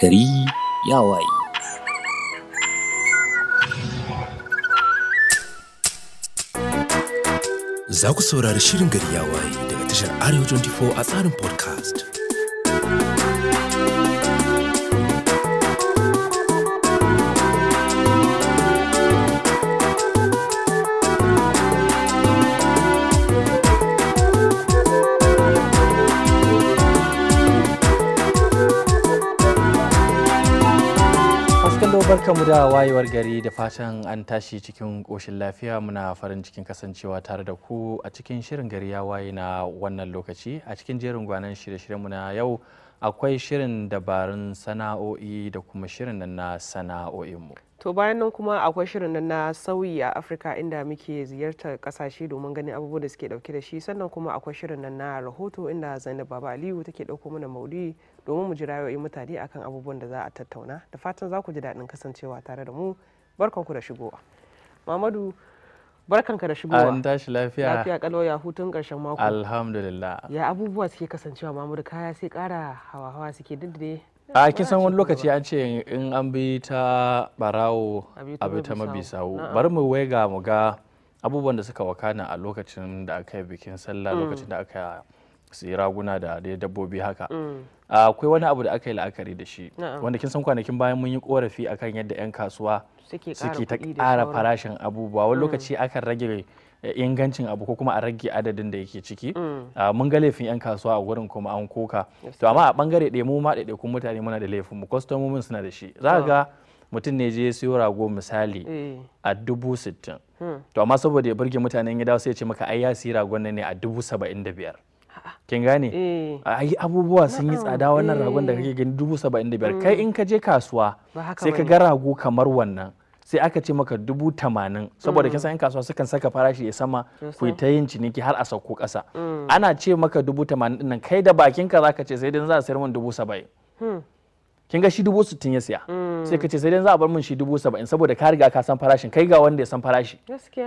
gari ya waye. Za ku saurari shirin gari ya waye daga tashar Arewa 24 a tsarin podcast. mu da wayewar gari da fatan an tashi cikin ƙoshin lafiya muna farin cikin kasancewa tare da ku a cikin shirin gari ya waye na wannan lokaci a cikin jerin gwanan shirye shiryen mu na yau akwai shirin dabarun sana'o'i da kuma shirin nan na sana'o'inmu. To bayan nan kuma akwai shirin nan na sauyi a Afirka inda muke ziyartar kasashe domin ganin abubuwan da suke dauke da shi sannan kuma akwai shirin nan na rahoto inda Zainab Baba Aliyu take dauko mana maudu'i domin mu ji rayoyin mutane akan abubuwan da za a tattauna da fatan za ku ji daɗin kasancewa tare da mu barkanku da shigowa mamadu barkanka da shigowa an tashi lafiya lafiya kalau ya hutun karshen mako alhamdulillah ya abubuwa suke kasancewa mamadu kaya sai kara hawa hawa suke duk a kin san wani lokaci an ce in an bi ta barawo abu ta mabisawo bari mu waiga mu ga abubuwan da suka wakana a lokacin da aka yi bikin sallah mm. lokacin da aka su raguna da dabbobi haka mm. akwai wani abu da aka yi la'akari da shi wanda kin san kwanakin bayan mun yi korafi akan yadda 'yan kasuwa suke ta ƙara farashin abubuwa wani mm. lokaci akan rage eh, ingancin abu ko kuma a rage adadin da yake ciki mm. ah, mun ga laifin 'yan kasuwa a wurin kuma an koka to amma a bangare ɗaya mu ma ɗaiɗaikun mutane muna da laifin mu kwastomomin suna da shi za ga mutum ne je siyo rago misali eh. a dubu sittin hmm. to amma saboda ya burge mutanen ya dawo sai ya ce maka ai ya siyi ragon nan ne a dubu saba'in da biyar kin gane eh. ayi abubuwa sun yi tsada wannan ragon da kake eh. gani dubu saba'in da biyar mm. kai in ka je kasuwa sai ka ga rago kamar wannan sai aka ce maka dubu tamanin saboda kin mm. san yan kasuwa sukan saka farashi ya sama ku ta yin ciniki har a sauko kasa mm. ana ce maka dubu tamanin nan kai da bakin ka zaka ce sai dan za a sayar min dubu saba'in hmm. kin ga shi dubu sittin ya siya sai ka ce sai dan za a bar min shi dubu saba'in saboda ka riga ka san farashin kai ga wanda ya san farashi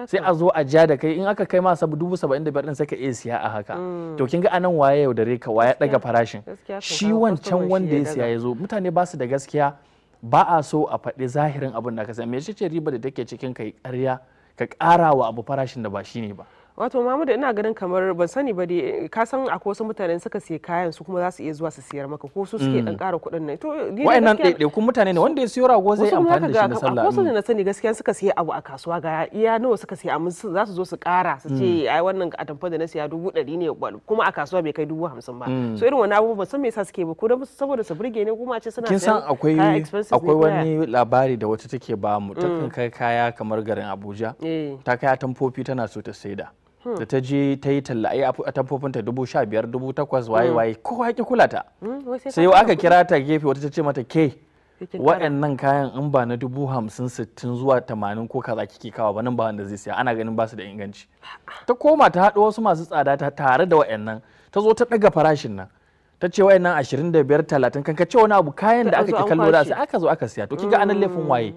sai a zo a ja da kai in aka kai ma sabu dubu saba'in da biyar din sai ka iya siya a haka mm. to kin ga anan waye yaudare ka waya daga farashin shi wancan wanda ya siya ya zo mutane ba su da gaskiya ba a so a faɗi zahirin abin da ka san me ce riba da take cikin kai ƙarya ka ƙara wa abu farashin da ba shi ne ba wato mamuda ina ganin kamar ban sani ba ka san akwai wasu mutane suka siya kayan su kuma za su iya zuwa su siyar maka ko su suke dan mm. ƙara kuɗin nan to wa'annan ku mutane ne wanda ya siyo rago zai amfani da shi na sallah wasu ne na sani gaskiya suka siya abu a kasuwa ga iya nawa suka siya amma za su zo su ƙara su ce mm. ai wannan atamfa da na siya dubu ɗari ne kuma a kasuwa bai kai dubu hamsin ba mm. so irin wani abu ban san me yasa suke ba ko da saboda su burge ne kuma a ce suna kin san akwai akwai wani labari da wata take ba mu ta kai kaya kamar garin Abuja eh. ta kai tamfofi tana so ta saida Hmm. da ta je ta yi talla a tamfofinta dubu sha biyar dubu takwas waye hmm. waye kowa ya kula ta hmm, sai yau aka kira ta gefe wata ta ce mata ke waɗannan kayan in ba na dubu hamsin sittin zuwa tamanin ko kaza kike kawo ba nan ba wanda zai siya ana ganin basu su da inganci ta koma ta haɗu wasu masu tsada ta tare da waɗannan ta zo ta ɗaga farashin nan ta ce da 25 30 kan ka ce wani abu kayan da aka ke kallo da aka zo aka siya to kiga anan mm, laifin waye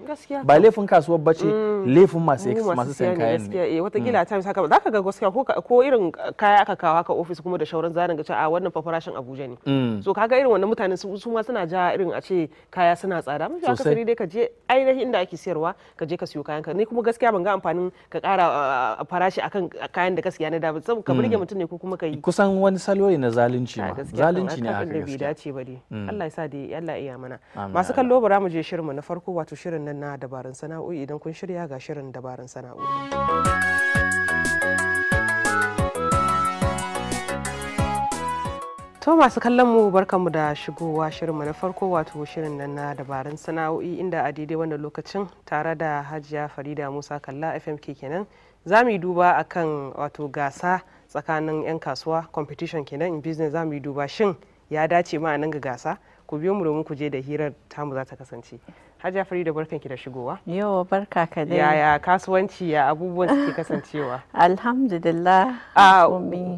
ba laifin kasuwar bace mm, laifin masu masu sayan kayan ne eh wata kila mm. ta zaka ga gaskiya ko irin kaya aka kawo haka ofis kuma da shauran zanen ga a ah, wannan farashin Abuja ne so kaga irin wannan mutanen su su ma suna ja irin a ce kaya suna tsada mun aka sani dai ka je ainihin inda ake siyarwa ka je ka siyo kayan ka ni kuma gaskiya ban ga amfanin ka kara ah, farashi akan kayan da gaskiya na da saboda ka burge mutum ne ko kuma kai kusan wani salori na zalunci ma zalunci shine haka gaskiya bai dace mm. Allah ya sa Allah iya mana masu kallo bara mu je shirin mu na farko wato shirin nan na dabarun sana'o'i idan kun shirya ga shirin dabarun sana'o'i To masu kallon mu barkanmu da shigowa shirinmu na farko wato shirin nan na dabarun sana'o'i inda a daidai wannan lokacin tare da Hajiya Farida Musa Kalla FMK kenan za mu yi duba akan wato gasa tsakanin 'yan kasuwa competition kenan in business za mu yi duba shin ya dace ma nan ga gasa ku biyo mu domin ku je da hirar tamu za ta kasance hajja farida barkan ki da shigowa yawa barka ka dai yaya kasuwanci ya abubuwan suke kasancewa alhamdulillah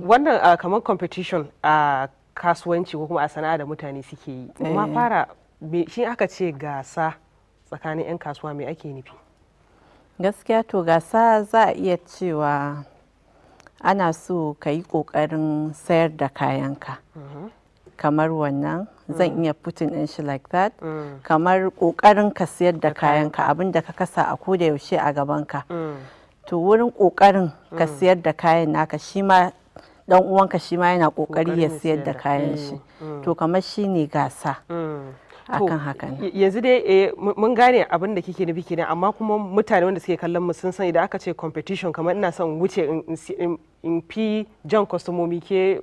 wannan kamar competition a kasuwanci ko kuma a sana'a da mutane suke yi kuma eh. fara shi aka ce gasa tsakanin 'yan kasuwa me ake nufi gaskiya to gasa za a iya cewa ana so ka yi ƙoƙarin sayar da kayanka mm-hmm. kamar wannan zan mm. iya putin in shi like that mm. kamar ƙoƙarin ka sayar da kayanka abin da ka kasa a koda yaushe a gabanka mm. to wurin ƙoƙarin ka sayar da kayan naka shi ma dan uwanka shi ma yana ƙoƙari ya sayar da kayan shi eh, to kamar shi ne gasa akan hakan yanzu dai eh, mun gane abin da kike nufi kenan amma kuma mutane wanda suke kallon mu sun san idan aka ce competition kamar ina son wuce in fi jan kwastomomi ke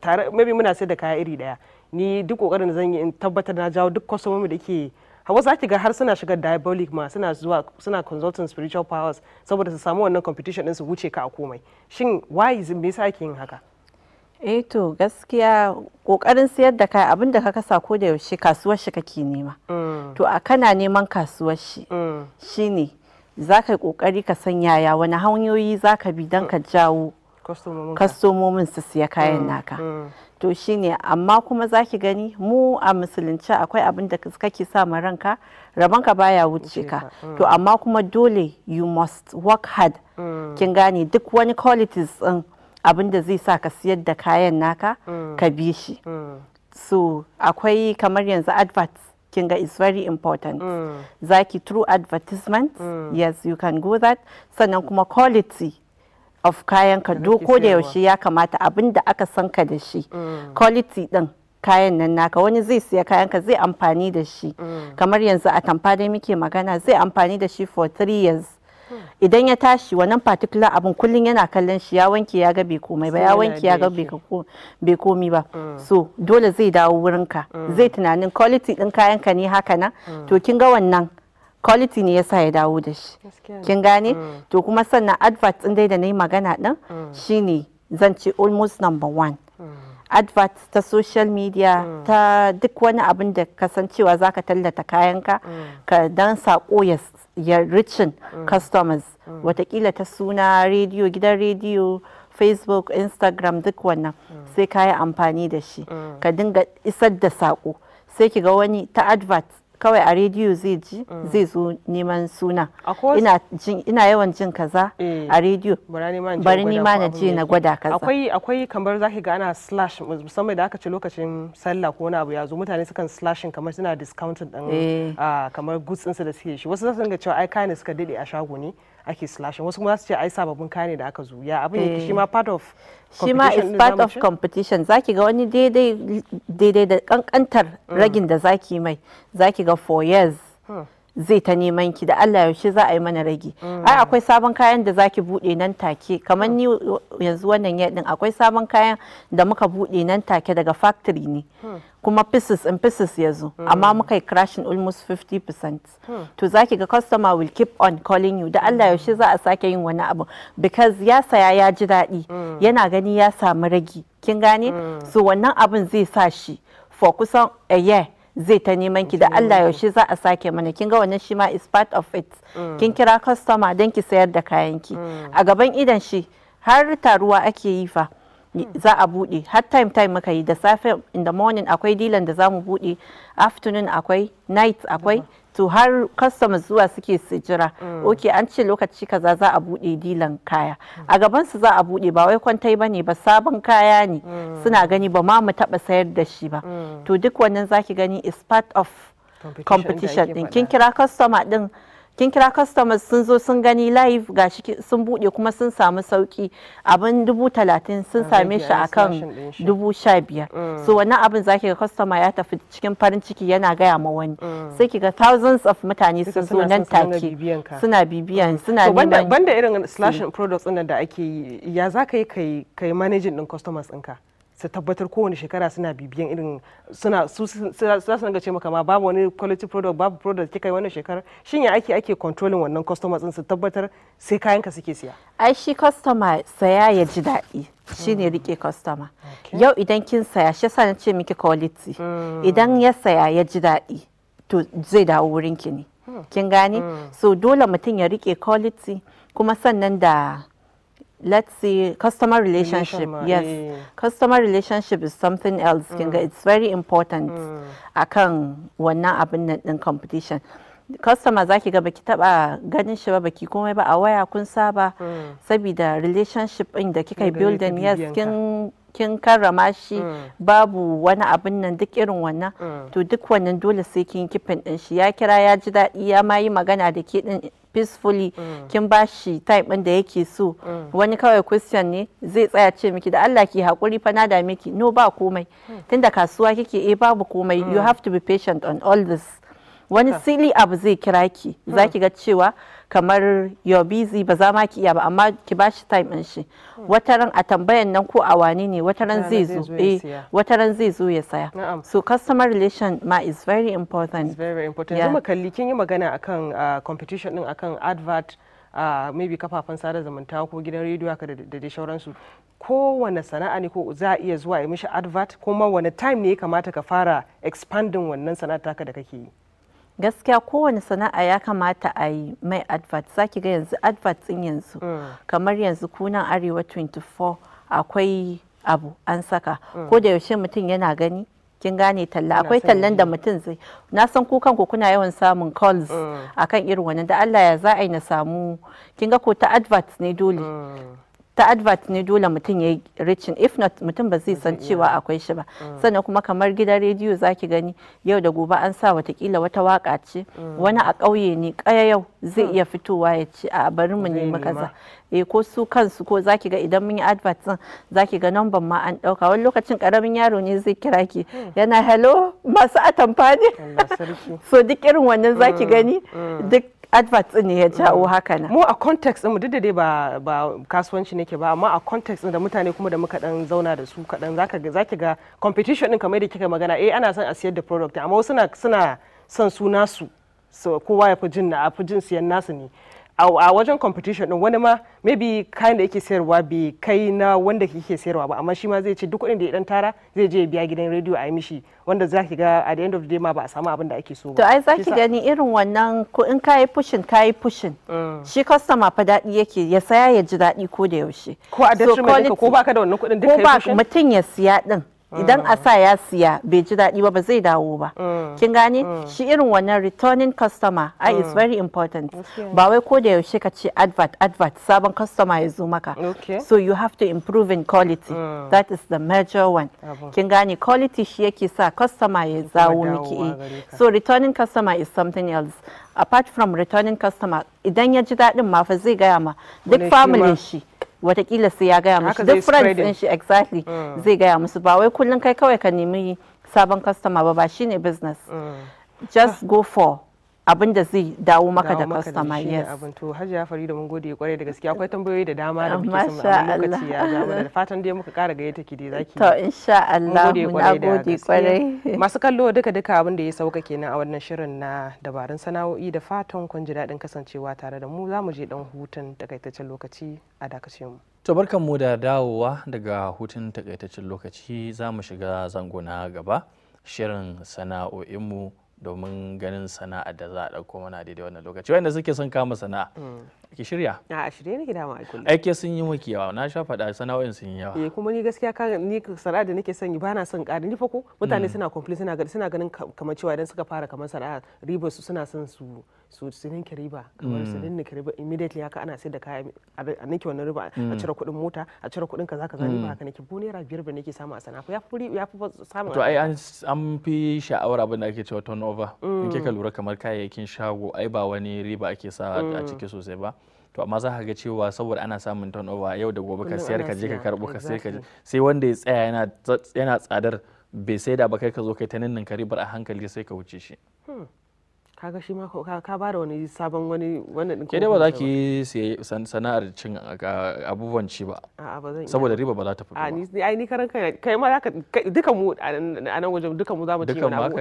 tare maybe muna sai da kaya iri daya ni duk kokarin da zan yi in tabbatar na jawo duk kwastomomi da ke hawa za ki ga har suna shiga diabolic ma suna zuwa suna consulting spiritual powers saboda su samu wannan competition din su wuce ka a komai shin why me yasa ake yin haka eh to gaskiya kokarin siyar da kai abinda ka kasa ko da yaushe kasuwar shi kake nema mm. to a kana neman kasuwar shi mm. shine za ka yi kokari ka sanya ya wani hanyoyi za ka bi don ka jawo kastomomin su siya kayan mm, naka to shine amma kuma zaki gani mu a musulunci akwai abin da kake sa ma ranka rabanka baya wuce ka to amma kuma dole you must work hard kin gane duk wani qualities din abin da zai sa ka siyar da kayan naka mm. ka bi shi mm. so akwai kamar yanzu advert kinga is very important mm. zaki through advertisement yes you can go that sannan kuma quality of kayan ka doko da yaushe ya kamata abin da aka san ka da shi quality din kayan nan naka wani zai siya kayan ka zai amfani da shi kamar yanzu a tamfa dai muke magana zai amfani da shi for three years idan ya tashi wannan particular abin kullum yana kallon shi ya wanke ya ga bai komai ba ya wanke ya ga bai komi ba mm. so dole zai dawo wurinka mm. zai tunanin quality din kayanka ne haka na mm. to kin ga wannan quality ne yasa ya dawo da shi kin gane to kuma sannan advert din dai da na yi magana din shine zan ce almost number one advert ta social media ta duk wani abin da ka kasancewa za ka tallata kayanka ka dan sako ya ya richin mm. customers mm. watakila ta suna rediyo gidan rediyo facebook instagram duk wannan mm. sai ka yi amfani da shi ka dinga isar da saƙo sai ki ga wani ta advert kawai a rediyo zai ji mm. zai zo neman suna ina yawan jin kaza mm. a rediyo bari ni na je na gwada kaza akwai akwai kamar zaki ga ana slash musamman da aka ce lokacin sallah ko wani abu ya zo mutane sukan slashin kamar suna discounted din eh. ah, kamar goods din su da suke shi wasu zasu ga cewa ai kayan suka dade a shago ne ake slashing wasu kuma za su ce ai sababbin kayan da aka zo ya abin yake shi ma eh. part of shi ma is part of competition zaki ga wani daidai daidai da kankantar mm. ragin da zaki mai zaki ga 4 years hmm. zai ta neman ki da Allah yaushe za a yi mana ragi. Mm. ai akwai sabon kayan da zaki bude nan take kamar ni yanzu wannan yadin akwai sabon kayan da muka bude nan take daga factory ne hmm. kuma pieces in pieces ya zo hmm. amma muka yi crashing almost 50% hmm. to zaki ga customer will keep on calling you da Allah yaushe za a sake yin wani abu because ya saya ya ji daɗi yana gani ya samu ragi kin gane so wannan abin zai sa shi for kusan a year zai ta neman ki da Allah yaushe za a sake mana kin ga wannan shi ma is part of it mm. kin kira customer don ki sayar da kayan ki mm. a gaban idan shi har taruwa ake yi fa mm. za a bude har time time muka yi da safe in the morning akwai dilan da za mu bude afternoon akwai night akwai to har customers zuwa suke su jira mm. ok an ce lokaci kaza za a bude dilan kaya a gaban su za a bude ba wai kwantai bane ba sabon kaya ne mm. suna gani ba ma mu taɓa sayar da shi ba mm. to duk wannan zaki gani is part of competition din kin kira customer din kin kira customers sun zo sun gani live gashi sun bude kuma sun samu sauki abin dubu talatin sun same shi akan dubu sha biyar mm. so wannan abin zaki ga customer ya tafi cikin farin ciki yana gaya ma wani mm. sai ki ga thousands of mutane sun zo nan take suna bibiyan mm. suna neman banda irin slashing products din da ake yi ya za ka yi kai managing din customers ɗinka su tabbatar kowane shekara suna bibiyan irin suna su su ce maka ma babu wani quality product babu product kika yi wannan shekarar shin ya ake ake controlling wannan customers din su tabbatar sai kayanka suke siya ai shi customer saya ya ji daɗi shine rike customer yau idan kin saya shi yasa na ce miki quality hmm. idan ya saya ya ji daɗi to zai dawo wurin ki ne hmm. kin gane hmm. so dole mutum ya rike quality kuma sannan da let's see customer relationship Relation yes yeah. customer relationship is something else mm. it's very important mm. akan wannan abin nan din competition customer zaki ga baki taba ganin shi ba baki komai ba a waya kun saba mm. saboda relationship din da kika building yes kin kin karrama shi mm. babu wani abin nan duk irin wannan to duk wannan dole sai kin kifin din shi ya kira ya ji daɗi ya ma yi magana da ke din peacefully mm. kin bashi type ɗin da yake so mm. wani kawai question ne zai tsaya ce miki da Allah ki hakuri fa na dame ki no ba komai mm. tunda kasuwa kike eh babu komai you have to be patient on all this wani silly abu zai kira ki zaki ga cewa kamar your busy ba za ma ki iya ba amma ki ba shi time din shi wataran a tambayan nan ko a wani ne wataran zai zo eh ran zai zo ya saya so customer relation ma is very important is very important yanzu kalli kin yi magana akan competition din akan advert Uh, maybe kafafen sada zumunta ko gidan rediyo haka da dai sauransu kowane sana'a ne ko za a iya zuwa ya mishi advert kuma wani time ne ya kamata ka fara expanding wannan sana'a taka da kake yi gaskiya kowane sana'a ya kamata a yi mai advert ki ga yanzu advert din yanzu mm. kamar yanzu kunan arewa 24 akwai abu an saka mm. ko da yaushe mutum yana gani kin gane talla akwai tallan da mutum zai na san ku kanku kuna yawan samun calls mm. akan irin wannan da Allah ya za a yi na samu kin ga ko ta advert ne dole ta advert ne dole mutum ya yi richin if not mutum ba zai san cewa akwai shi ba mm. sannan kuma kamar gidan rediyo zaki gani yau da gobe an sa watakila wata waka ce mm. wani a ƙauye ne ƙaya yau zai mm. iya fitowa ya ce a bari mu nemi kaza e ko su kansu ko zaki ga idan mun yi advert din zaki ga namban ma an dauka wani lokacin karamin yaro ne zai kira ki hmm. yana hello masu atamfa so duk irin wannan zaki gani duk adverts din ne ya jawo mm. haka na. mu a context mu duk da dai ba ba kasuwanci nake ba amma a context da mutane kuma da muka dan zauna da su kadan zaka ga zaki ga competition din kamar da kika magana eh ana son a siyar da product amma wasu suna suna son su nasu so kowa ya fi jin na a fi jin siyan nasu ne a wajen competition din wani ma maybe kayan da yake sayarwa bai kai na wanda yake sayarwa ba amma shi ma zai ce duk kuɗin da ya dan tara zai je biya gidan rediyo a yi mishi wanda za ki ga at the end of the day ma ba a samu abin da ake so ba to ai za ki gani irin wannan ko in kayi pushin kayi pushin mm. shi customer fa daɗi yake ya saya ya ji daɗi ko da yaushe ko a detriment ko baka da wannan kuɗin duk kai pushin ko ba mutum ya siya din idan a sa ya siya bai ji daɗi ba ba zai dawo ba mm. kin gane mm. shi irin wannan returning customer ai is mm. very important ba wai ko da yaushe ka ce advert advert sabon customer ya zo maka so you have to improve in quality that is the major one kin gane quality shi yake sa customer ya zawo miki eh. so returning customer is something else apart from returning customer idan ya ji daɗin ma fa zai gaya ma duk family shi watakila sai ya gaya musu duk friends din shi exactly mm. zai gaya musu ba wai kullum kai kawai ka nemi sabon customer ba ba shine business mm. just go for abin da zai dawo maka da customer yes abin to hajiya farida mun gode kwarai da gaskiya akwai tambayoyi da dama da muke son a lokaci ya zama da fatan dai muka kara gaya take dai zaki to insha Allah mun gode kwarai masu kallo duka duka abin da ya sauka kenan a wannan shirin na dabarun sana'o'i da fatan kun ji daɗin kasancewa tare da mu za mu je dan hutun takaitaccen lokaci a dakace mu to barkan mu da dawowa daga hutun takaitaccen lokaci za mu shiga zango na gaba shirin sana'o'in mu. domin ganin sana'a da za a ɗauko mana daidai wannan lokaci wanda suke son kama sana'a mm. ki shirya a shirye nake dama a kullum aike sun yi maki yawa na sha faɗa sana'o'in sun yi yawa eh kuma ni gaskiya ka ni sana'a da nake son yi bana son ƙari ni fa ko mutane mm. suna complain suna ganin kamar cewa idan suka fara kamar sana'a ribar su suna son su Su su ninke riba kamar su mm. ninke riba immediately haka ana sai da kaya a ninke wannan riba a mm. cire kuɗin mota a cire kuɗin kaza kaza riba mm. haka nake bu naira biyar ba nake samu a sana'a ya fi ya fi samu to ai an fi sha'awar abin da ake cewa turnover in kika lura kamar kayayyakin shago ai ba wani riba ake sa a ciki sosai ba to amma za ka ga cewa saboda ana samun turnover yau da gobe ka siyar ka je ka karbo ka siyar ka je sai wanda ya tsaya yana yana tsadar bai sai da ba kai ka zo kai ta ka ribar a hankali sai ka wuce shi hmm. kaga shi ma ka bada wani sabon wani wannan ɗin kuma ba za ki sana'ar cin abubuwan ci ba saboda riba ba za ta fito ba ni ai ni karan kai kai ma zaka duka mu a nan wajen duka mu za mu ci wani abu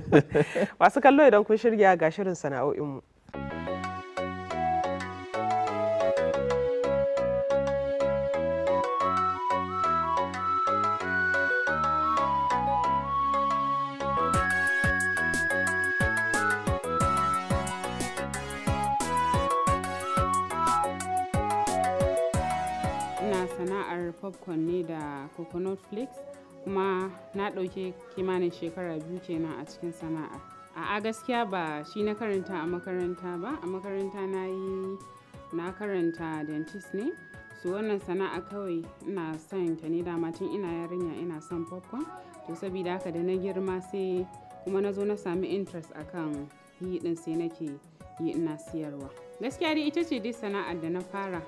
masu kallo idan kun shirya ga shirin sana'o'in mu sana'ar popcorn ne da coconut flakes kuma na ɗauki kimanin shekara biyu kenan a cikin sana'a A'a gaskiya ba shi na karanta a makaranta ba. A makaranta na yi, na karanta dentist ne. su wannan sana'a kawai ina son ta ne dama tun ina yarinya ina son popcorn. To saboda haka da na girma sai kuma na zo na sami interest a kan yi ɗin sai nake yi ina siyarwa. Gaskiya dai ita ce dai sana'ar da na fara.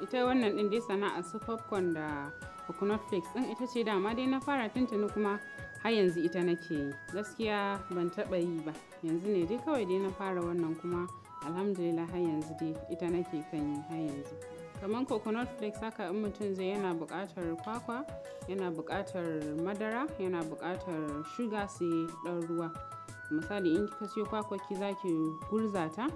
ita wannan din dai sana'a su popcorn da coconut flakes din ita ce dama dai na fara tuntuni kuma har yanzu ita nake yi gaskiya ban taɓa yi ba yanzu ne dai kawai dai na fara wannan kuma alhamdulillah har yanzu dai ita nake kan yi har yanzu kamar coconut flakes haka in mutum zai yana buƙatar kwakwa yana buƙatar madara yana buƙatar shuga sai ɗan ruwa misali in kika siyo ki zaki gurza ta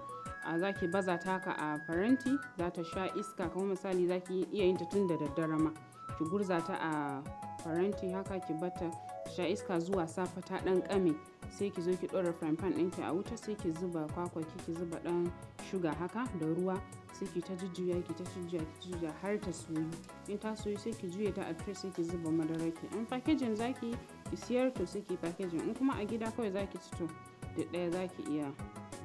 a zaki baza taka haka a faranti za ta sha iska kamar misali za ki iya yin ta tun da daddare ma ki gurza ta a faranti haka ki bata sha iska zuwa safa ta dan kame sai ki zo ki ɗora frying pan ɗinki a wuta sai ki zuba kwakwa ki ki zuba ɗan shuga haka da ruwa sai ki ta jujjuya ki ta jujjuya ki jujjuya har ta soyu in ta soyu sai ki juye ta a tray sai ki zuba madara ki in packaging zaki ki siyar to sai ki packaging in kuma a gida kawai zaki ci to da ɗaya zaki iya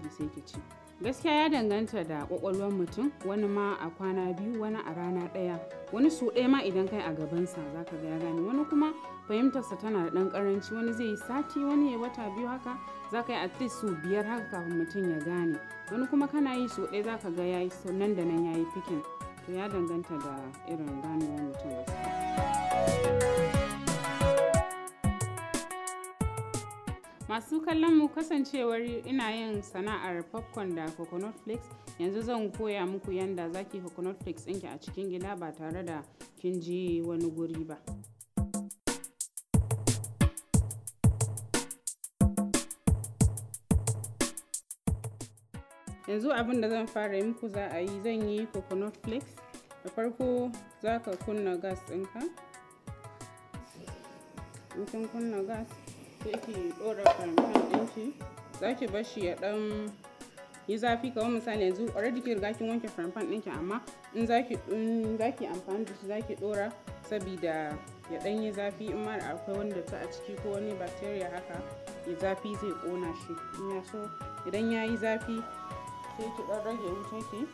sai ki ci. gaskiya ya danganta da kwakwalwar mutum wani ma a kwana biyu wani a rana ɗaya wani su ɗaya ma idan kai a gabansa za ka ga ya gane wani kuma fahimtarsa tana da ɗan ƙaranci wani zai yi sati wani ya wata biyu haka za ka yi at least su biyar haka kafin mutum ya gane wani kuma kana yi su ɗaya za ka ga ya nan da nan ya yi fikin to ya danganta da irin ganewar mutum gaskiya. masu kallon mu kasancewar ina yin sana'ar popcorn da coconut flakes yanzu zan koya muku yanda zaki coconut flakes ɗinki a cikin gida ba tare da kin ji wani guri ba yanzu abin da zan fara yi muku za a yi zan yi coconut flakes da farko za ka kunna gas ɗinka in kunna gas sai ki ɗora frying ɗinki za ki bar shi ya ɗan yi zafi kamar misali yanzu already kin riga kin wanke frying pan ɗinki amma in za ki amfani da shi za ki ɗora sabida ya ɗan yi zafi in ma akwai wanda ta a ciki ko wani bacteria haka ya zafi zai ƙona shi in ya so idan ya yi zafi sai ki ɗan rage wutanki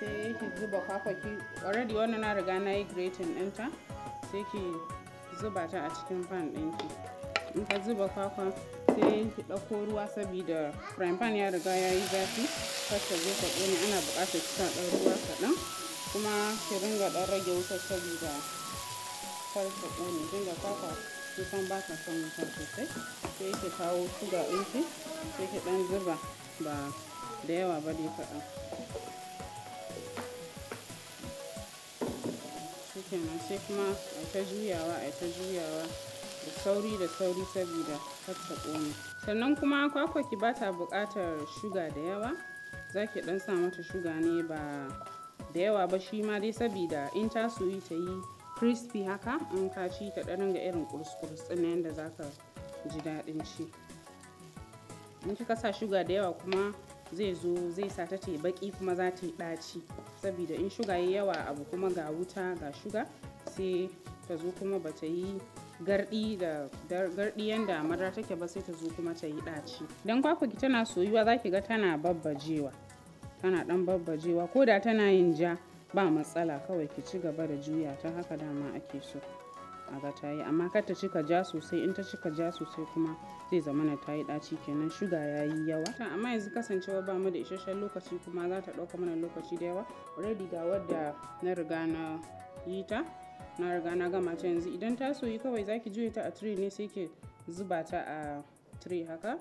sai ki zuba kwakwa ki already wannan na riga na yi grating ɗinta sai ki zuba ta a cikin pan ɗinki in ka zuba kwakwa sai ki ɗauko ruwa saboda frying pan ya riga ya yi zafi kasta zai ka ta ana buƙatar ki sa ɗan ruwa kaɗan kuma ki ringa ɗan rage wuta saboda kar ta ƙone dinga kwakwa kusan ba ka son wuta sosai sai ki kawo suga ɗinki sai ki ɗan zuba ba da yawa ba dai kaɗan kenan sai kuma a ta juyawa a ta juyawa sauri da sauri saboda ta ne sannan kuma kwakwaki ba ta buƙatar shuga da yawa za ki ɗan sa mata shuga ne ba da yawa ba shi ma dai saboda in ta suyi ta yi crispy haka in ka ci ta ɗan ga irin kurus-kurus na yadda za ka ji daɗin ci in kika sa shuga da yawa kuma zai zo zai sa ta ta baki kuma za ta yi ɗaci saboda in shuga yi yawa abu kuma ga wuta ga shuga sai ta zo kuma ba ta yi gardi da gardi yanda madara take ba sai ta zo kuma ta yi ɗaci dan kwakwa ki tana soyuwa zaki ga tana babbajewa tana dan babbajewa ko da tana yin ja ba matsala kawai ki ci gaba da juya ta haka dama ake so a ga ta yi amma kar ta cika ja sosai in ta cika ja sosai kuma zai zama na ta yi ɗaci kenan shuga ya yi yawa amma yanzu kasancewa ba mu da isasshen lokaci kuma za ta ɗauka mana lokaci da yawa already ga wadda na riga na yi ta na riga na gama ta yanzu idan ta soyi kawai zaki juye ta a tray ne sai ke zuba ta a tray haka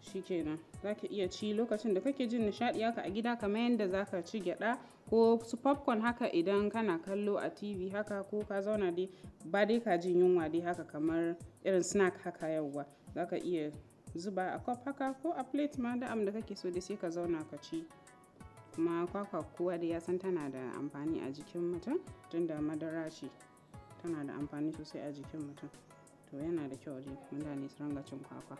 shikenan zaki iya ci lokacin da kake jin nishadi haka a gida kamar yadda zaka ci gyada ko su popcorn haka idan kana kallo a tv haka ko ka zauna dai ba dai ka jin yunwa dai haka kamar irin snack haka yauwa zaka iya zuba a cup haka ko a plate ma da'am da kake so dai sai ka zauna ka ci kuma kwakwa kowa da yasan tana da amfani a jikin mutum tunda madara ce tana da amfani sosai a jikin mutum to yana da kyau dai mutane su ringa cin kwakwa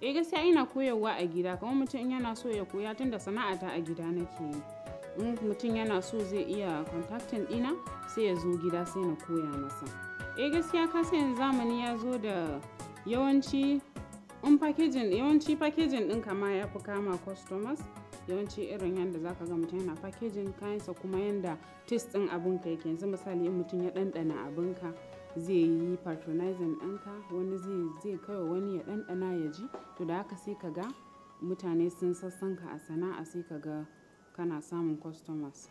eh gaskiya ina koyarwa a gida kamar mutum yana so ya koya tunda ta a gida nake yi in mutum yana so zai iya contacting dina sai ya zo gida sai na koya masa eh gaskiya ka yanzu zamani ya zo da yawanci in packaging yawanci packaging kama ya fi kama customers yawanci irin yadda zaka ga mutum yana packaging kayansa kuma yadda taste ɗin abinka yake yanzu misali in mutum ya ɗanɗana abinka zai yi patronizing ɗinka wani zai zai kawai wani ya ɗanɗana ya ji to da haka sai ka ga mutane sun sassanka a sana'a sai ka ga kana samun customers.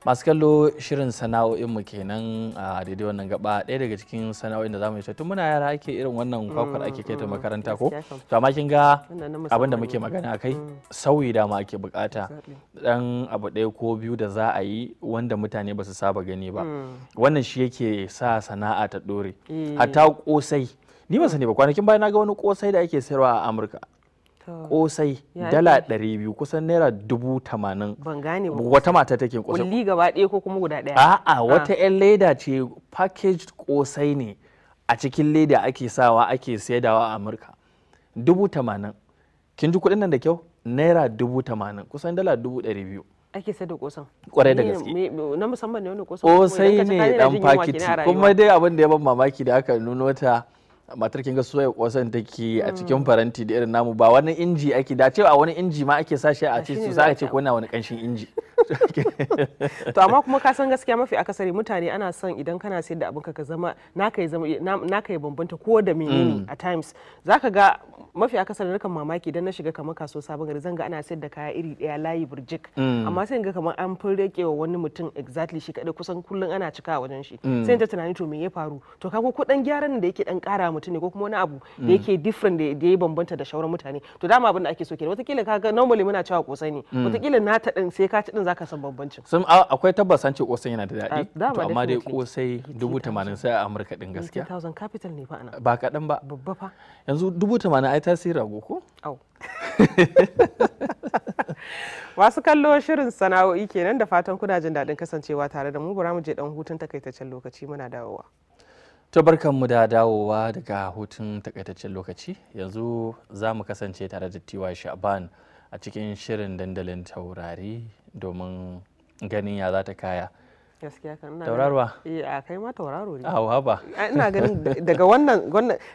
masu kallo shirin sana'o'inmu kenan a daidai wannan gaba ɗaya daga cikin sana'o'in da zamu mu yi tun muna yara ake irin wannan kwakwar ake kai ta mm, mm, makaranta ko to amma kin ga abin da muke magana akai mm. sauyi da ma ake bukata dan abu ɗaya ko biyu da za a yi wanda mutane ba su saba gani ba wannan shi yake sa sana'a ta dore eh. hatta kosai ni ba sani ba kwanakin bayan na ga wani kosai da ake sayarwa a Amurka kosai dala ɗari biyu kusan naira dubu tamanin wata mata take kosai kulli gaba ɗaya ko kuma guda ɗaya a'a ah. wata yan leda ce packaged kosai ne a cikin leda ake sawa ake saidawa a amurka dubu tamanin kin ji kuɗin nan da kyau naira dubu tamanin kusan dala dubu ɗari biyu ake sai da kosan kwarai da gaske na musamman ne wani kosan kosai ne dan fakiti kuma dai abin da ya ban mamaki da aka nuno ta matar kin ga soya kwasan take a hmm. cikin faranti da irin namu ba wani inji ake da cewa wani inji ma ake sashi a ce su za ce ko wani kanshin inji to amma kuma ka san gaskiya mafi akasari mutane ana son idan kana sayar da abin ka zama naka zama naka bambanta ko da menene hmm. a times zaka ga mafi akasari nakan mamaki idan na shiga kamar kaso sabon gari zanga ana sayar da kaya iri daya layi burjik hmm. amma sai ga kamar an fin rike wa wani mutum exactly shi kadai kusan kullun ana cika wajen shi sai ta tunani to me ya faru to kaga kuɗin gyaran da yake dan kara mutum ne ko kuma wani abu da mm. yake different da ya yi bambanta da shauran mutane to dama abin da ake so kenan wataƙila kaga normally muna cewa kosai ne mm. wataƙila na ta din sai ka ci din zaka san bambancin sun akwai tabbas an ce kosai yana da daɗi to amma dai kosai dubu tamanin sai a Amurka din gaskiya 1000 capital ne fa ana ba kaɗan ba babba fa yanzu dubu tamanin ai tasiri rago ko au Wasu kallo shirin sana'o'i kenan da fatan kuna jin daɗin kasancewa tare da mu bara mu je ɗan hutun takaitaccen lokaci muna dawowa. mu da dawowa daga hutun takaitaccen lokaci yanzu za mu kasance tare da tiwa sha'ban a cikin shirin dandalin taurari domin ganin ya za ta kaya gaskiya kan taurarwa eh, a kai ma tauraro ne awa ba ina ganin daga wannan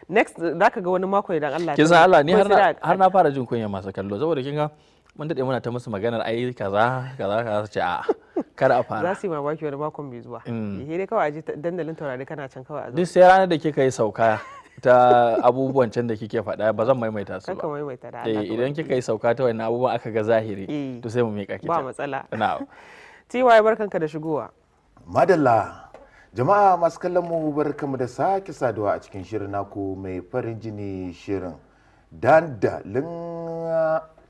next za ka ga wani mako idan Allah ki san Allah ni har na fara jin kunya masu kallo saboda kin ga mun daɗe muna ta musu maganar ai kaza kaza kaza ce a'a kar a fara za su yi mamaki wani makon mai zuwa ihe mm. dai kawai aji dandalin taurari kana can kawai a duk sai ranar da kika yi sauka ta abubuwan can da kike faɗa ba zan maimaita su ba maimaita eh, idan kika yi sauka ta wani abubuwan aka ga zahiri eh. to sai mu miƙa ba matsala na'am ty barkanka da shigowa madalla jama'a masu kallon mu barkamu da sake saduwa a cikin shirin naku mai farin jini shirin dandalin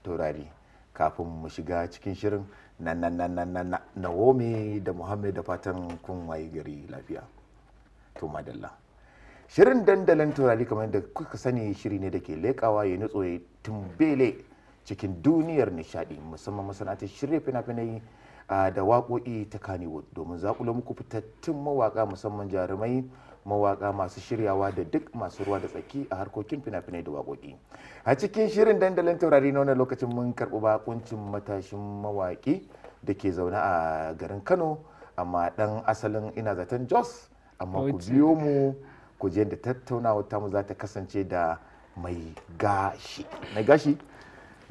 taurari kafin mu shiga cikin shirin na na na na na Naomi da Muhammad da fatan kun waye gari lafiya to madalla shirin dandalin turari kamar da kuka sani shiri ne da ke lekawa ya nutso ya tumbele cikin duniyar nishadi musamman masana'antar shirya fina-finai ah, da waƙoƙi ta kanewood domin zakulo muku fitattun mawaƙa musamman jarumai mawaka masu shiryawa da duk masu ruwa da tsaki a harkokin fina-finai da waƙoƙi a cikin shirin dandalin taurari na wannan lokacin mun karɓi bakuncin matashin mawaƙi da ke zaune a garin kano amma ɗan asalin ina zaton jos amma ku biyo mu ku je da tattaunawa mu za ta kasance da mai mai gashi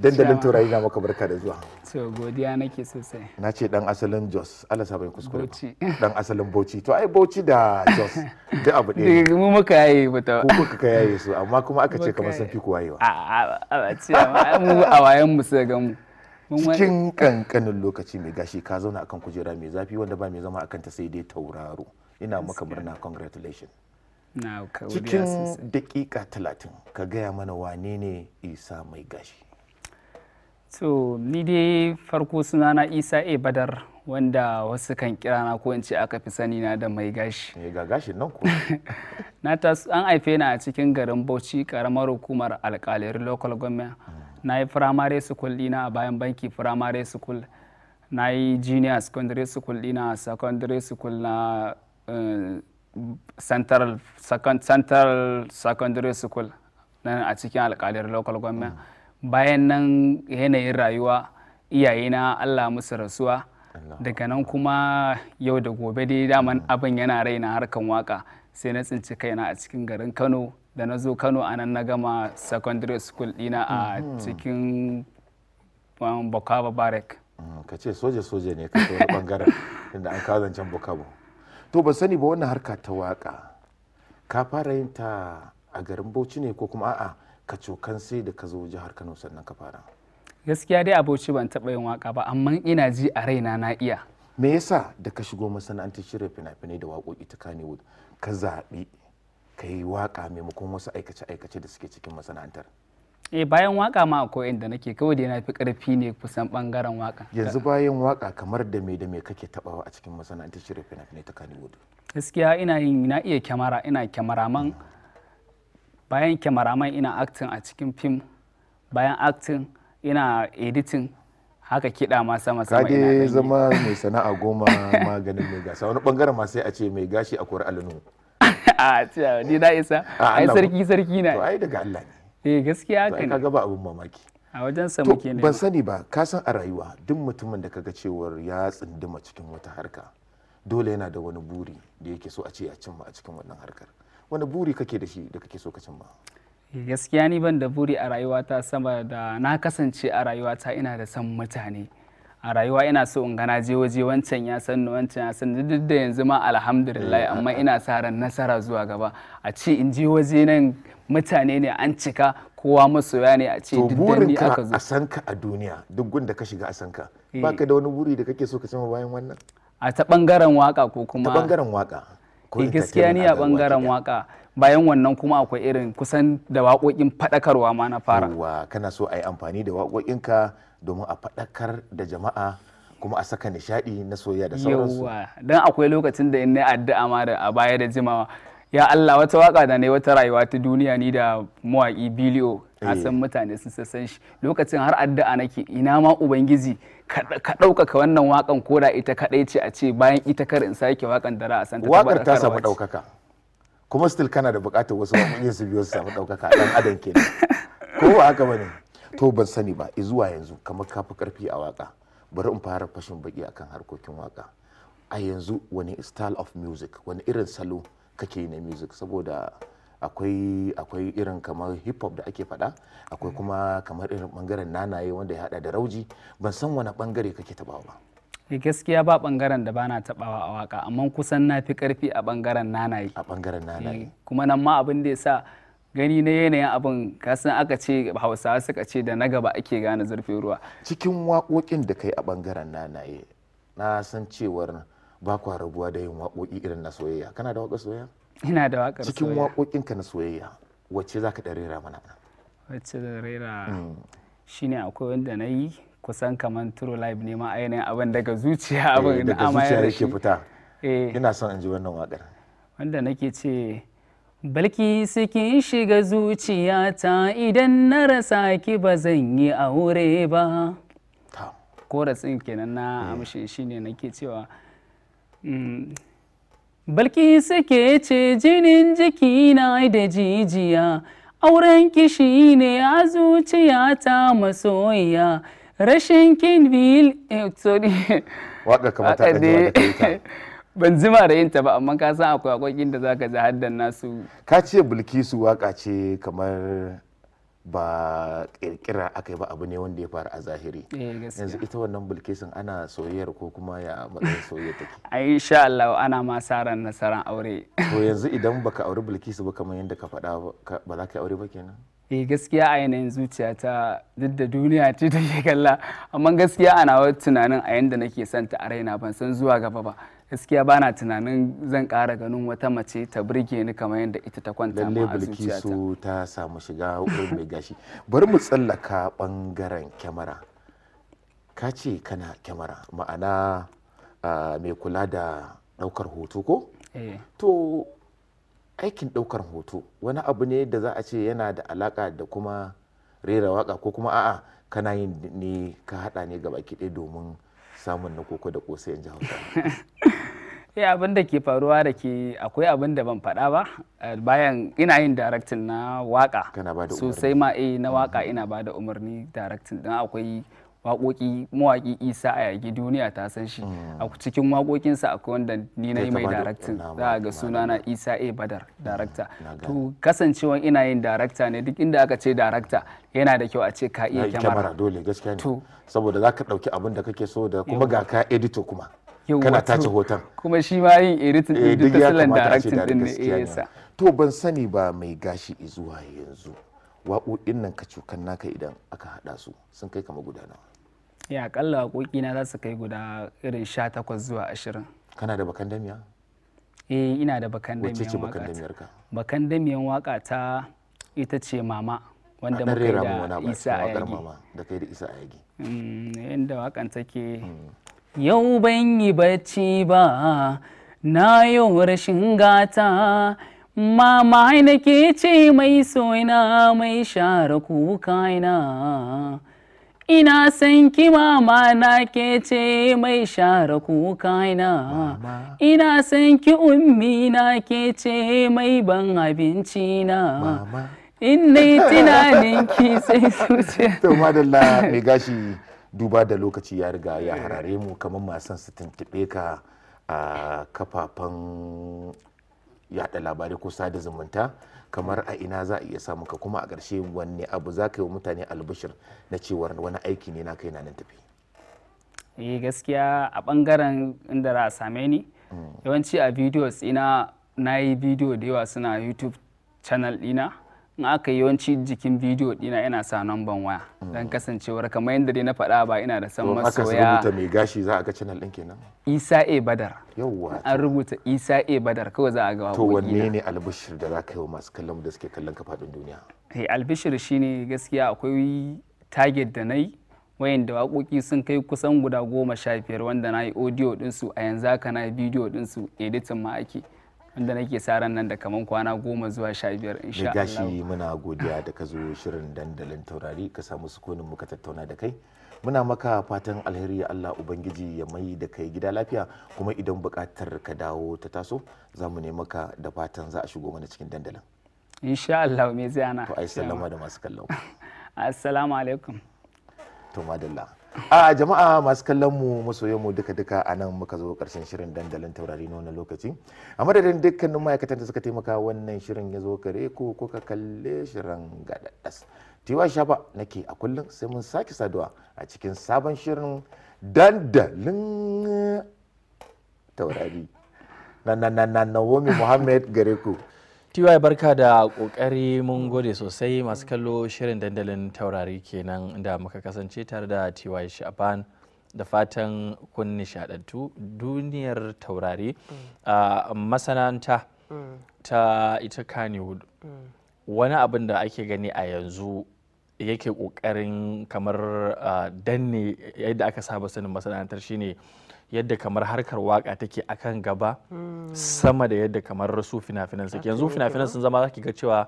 dandalin taurari na maka barka da zuwa so godiya nake sosai na ce dan asalin jos allah sabai kuskure dan asalin bauchi to ai bauchi da jos da abu ɗaya ne mu muka yayi bata ku kuka yayi su amma kuma aka ce kamar sun fi ku wayewa a a ce mu a wayan mu sai ga mu cikin kankanin lokaci mai gashi ka zauna akan kujera mai zafi wanda ba mai zama akan ta sai dai tauraro ina maka murna congratulations cikin dakika talatin ka gaya mana wane ne isa mai gashi so ni dai farko suna na isa a badar wanda wasu kan kira na ko in ce aka fi sani na da mai gashi eh, ga gashi nan ko na taso an haife ni a cikin garin bauchi karamar hukumar alkalin local government hmm. na yi firamare school dina a bayan banki firamare school na yi junior secondary school dina a secondary school na eh, central secondary school nan a cikin alkalin local government hmm. bayan nan yanayin rayuwa iyayena allah musu rasuwa daga nan kuma yau da gobe dai daman mm. abin yana raina harkan waka sai na tsinci kaina a cikin garin kano da na zo kano a nan na gama secondary school dina a mm-hmm. cikin um, bokaba Barak. Mm, ka ce soja-soja ne ka wani bangaren inda an kawo zancen bokabo to ba sani ba wannan harka ta waka ka fara yin ta a garin bauchi ne ko kuma a'a ka cokan sai da ka zo jihar kano sannan ka fara gaskiya dai aboci ban taba yin waka ba amma ina ji a raina na iya me yasa da ka shigo masana'antar shirya fina-finai da waƙoƙi ta kanewood ka zaɓi ka yi waƙa maimakon wasu aikace-aikace da suke cikin masana'antar E, bayan waka ma akwai inda nake kawai dai na fi karfi ne kusan bangaren waka yanzu bayan waka kamar da me da me kake tabawa a cikin masana'antar shirya fina-finai ta kanewood gaskiya ina yin na iya kyamara ina kyamara mm. bayan kyamaraman ina acting a cikin fim bayan acting ina editing haka kiɗa ma sama sama ina gani zama mai sana'a goma maganin mai gasa wani bangaren ma sai a ce mai gashi a kori alinu a cewa ni na isa ai sarki sarki na to ai daga Allah ne eh gaskiya haka ne kaga ba abun mamaki a wajen sa muke ne ban sani ba ka san a rayuwa duk mutumin da kaga cewar ya tsinduma cikin wata harka dole yana da wani buri da yake so a ce ya cimma a cikin wannan harkar wani buri kake da shi da kake so ka cimma eh, gaskiya ni ban da buri a rayuwata sama da na kasance a rayuwata ina da son mutane a rayuwa ina so in gana je waje wancan ya san ni wancan ya san duk da yanzu ma alhamdulillah eh. amma ina sa ran nasara zuwa gaba a ce in je waje nan mutane ne an cika kowa masoya ne a ce duk da ni aka zo a san ka a duniya duk gunda ka shiga a san ka baka eh. da wani buri da kake so ka cimma bayan wannan a ta bangaren waka ko kuma ta bangaren waka Eh, gaskiya ni a bangaren waka bayan wannan kuma akwai irin kusan da waƙoƙin faɗakarwa ma na fara kana so a yi amfani da waƙoƙinka domin a faɗakar da jama'a kuma a saka nishaɗi na soyayya da sauransu don akwai lokacin da in na addu'a ma da a baya da jimawa ya Allah wata waka da ne wata rayuwa ta duniya ni da mawaki Bilio na eh. san mutane sun san shi lokacin har addu'a nake ina ma ubangiji ka ɗaukaka wannan wakan koda ita kaɗai ce a ce bayan ita kar in sake wakan da ra'a ta wakar ta samu ɗaukaka kuma still kana da buƙatar wasu wakokin su biyo su samu ɗaukaka dan adam kenan ko ba haka bane to ban sani ba zuwa yanzu kamar kafi karfi a waka bari in fara fashin baki akan harkokin waka a yanzu wani style of music wani irin salo kake yi na music saboda akwai akwai irin kamar hip hop da ake faɗa akwai mm. kuma kamar irin bangaren nanaye wanda ya hada da rauji ban san wani bangare kake tabawa ba eh, gaskiya ba bangaren da bana tabawa a waka amma kusan na fi karfi a bangaren nanaye a bangaren nanaye eh, kuma nan ma abin da ya sa gani na yanayin abin kasan aka ce hausawa suka ce da na gaba ake gane zurfin ruwa cikin waƙoƙin da kai a bangaren nanaye na san cewar ba kwa rabuwa da yin waƙoƙi irin na soyayya kana da waƙar soyayya ina da soyayya cikin ka na soyayya wacce zaka da rera mana wacce da rera mm. shine akwai wanda na yi kusan kamar true live ne ma ainihin abin daga zuciya eh, abin da amaya da shi fita eh. ina son in ji wannan wakar. wanda nake ce Balki suke shiga zuciyata idan na rasa ki ba zan yi aure ba. Koratsin kenan na eh. amshin shine nake cewa mm, Balkisa ke ce jinin jikina da jijiya, auren kishi ne a zuciyata masoyiya, rashin kin bil sorry. Waka kamata ta ji ta. Ban zima da yinta ba, amma ka san akwai akwai za zaka ji haddan nasu. Ka ce Bilkisu waka ce kamar ba kirkira aka yi ba abu ne wanda ya faru a zahiri eh, yanzu ita wannan bilkisin ana soyayyar ko kuma ya matsayin soyayyar take ai insha Allah ana ma nasarar nasaran aure to yanzu idan baka auri bilkisu ba kamar yadda ka faɗa ba za ka aure ba kenan eh gaskiya a yanayin ta duk da duniya ce take kalla amma gaskiya ana tunanin a yanda nake son ta a raina ban san zuwa gaba ba gaskiya ba na tunanin zan kara ganin wata mace ta birge ni kamar yadda ita ta kwanta ma a zuciyata ta samu shiga wurin mai gashi bari mu tsallaka bangaren kyamara ka ce kana kyamara ma'ana mai kula da daukar hoto ko eh. to aikin daukar hoto wani abu ne da za a ce yana da alaka da kuma rera waka ko kuma a'a kana yin ne ka haɗa ne gaba kiɗe domin samun na koko da kosai hausa ya eh, abin da ke faruwa da ke akwai abin da ban faɗa ba eh, bayan ina yin directing na waka sosai ma eh na waka ina ba da umarni directing don akwai waƙoƙi mawaƙi isa a yage duniya ta san shi mm. a cikin waƙoƙinsa akwai wanda ni na yi mai daraktin za a ga suna na isa a badar mm, darakta to kasancewa ina yin darakta ne duk inda aka ce darakta yana da kyau a ce ka iya kyamara dole gaskiya ne saboda za ka ɗauki abin da kake so da kuma ga ka edito kuma kana tace hoton kuma shi ma yin editing eh, din ta salon directing din ne eh, yasa to ban sani ba mai gashi zuwa yanzu waƙoƙin nan ka cukan naka idan aka haɗa su sun kai kama gudanawa ya kalla na za su kai guda irin sha takwas zuwa ashirin kana da bakan damiya eh ina da bakan damiyan waka bakan damiyan waka ta ita ce mama wanda muka da isa ayagi da kai da isa ayagi mm, wakan take mm. yau ban yi bacci ba na yau rashin gata mama nake ce mai soyina mai share kuka na ina san ki mama na ke ce mai share kuka na ina san ki ummi na ke ce mai ban abinci na in tunanin ki sai suce to madalla mai gashi duba da lokaci ya riga ya harare mu kamar masan su tuntube ka a kafafen yada labarai ko sada zumunta kamar a ina za a iya samu ka kuma a ƙarshe wanne abu za ka yi wa mutane albishir na cewar wani aiki ne na kai na nan tafi eh gaskiya a ɓangaren inda za a same ni mm. yawanci a bidiyo tsina na yi bidiyo da yawa suna youtube channel ɗina in aka yi yawanci jikin bidiyo dina yana sa namban waya don kasancewar kamar yadda dai na faɗa ba ina da san masoya aka rubuta mai gashi za a ga channel ɗin kenan isa a badar yawwa an rubuta isa a badar kawai za a ga to wanne ne albishir da za ka yi wa masu kallon da suke kallon kafaɗin duniya hey eh, albishir shine gaskiya akwai target da na yi wayanda waƙoƙi sun kai kusan guda goma sha biyar wanda na yi audio ɗinsu a yanzu haka na yi bidiyo ɗinsu editin ma ake wanda nake sa ran nan da kamar kwana goma zuwa sha biyar insha Allah. gashi muna godiya da ka zo shirin dandalin taurari ka samu sukunin muka tattauna da kai. Muna maka fatan alheri Allah Ubangiji ya mai da kai gida lafiya kuma idan bukatar ka dawo ta taso za mu nema maka da fatan za a shigo mana cikin dandalin. Insha Allah me ziyana. To ai sallama da masu kallon. Assalamu alaikum. To madalla. a jama'a masu kallon mu masoyan mu duka duka a nan muka zo karshen shirin dandalin taurari na wannan lokaci a madadin dukkanin ma'aikatan da suka taimaka wannan shirin ya zo gare ku kuka kalle shirin gadaddas tiwa shaba nake a kullum sai mun sake saduwa a cikin sabon shirin dandalin taurari na na na na Naomi Muhammad gare ku TY barka da kokari mun gode sosai masu kallo shirin dandalin taurari kenan da muka kasance tare da TY Shaban da fatan kun nishadattu duniyar taurari mm. a masana'anta mm. ta ita kanewood mm. wani abin da ake gani a yanzu yake kokarin kamar danne yadda aka saba sanin masana'antar shine ne yadda kamar harkar waka take akan gaba hmm. sama da yadda kamar su fina-finan suke yanzu fina-finan sun zama zaki ga cewa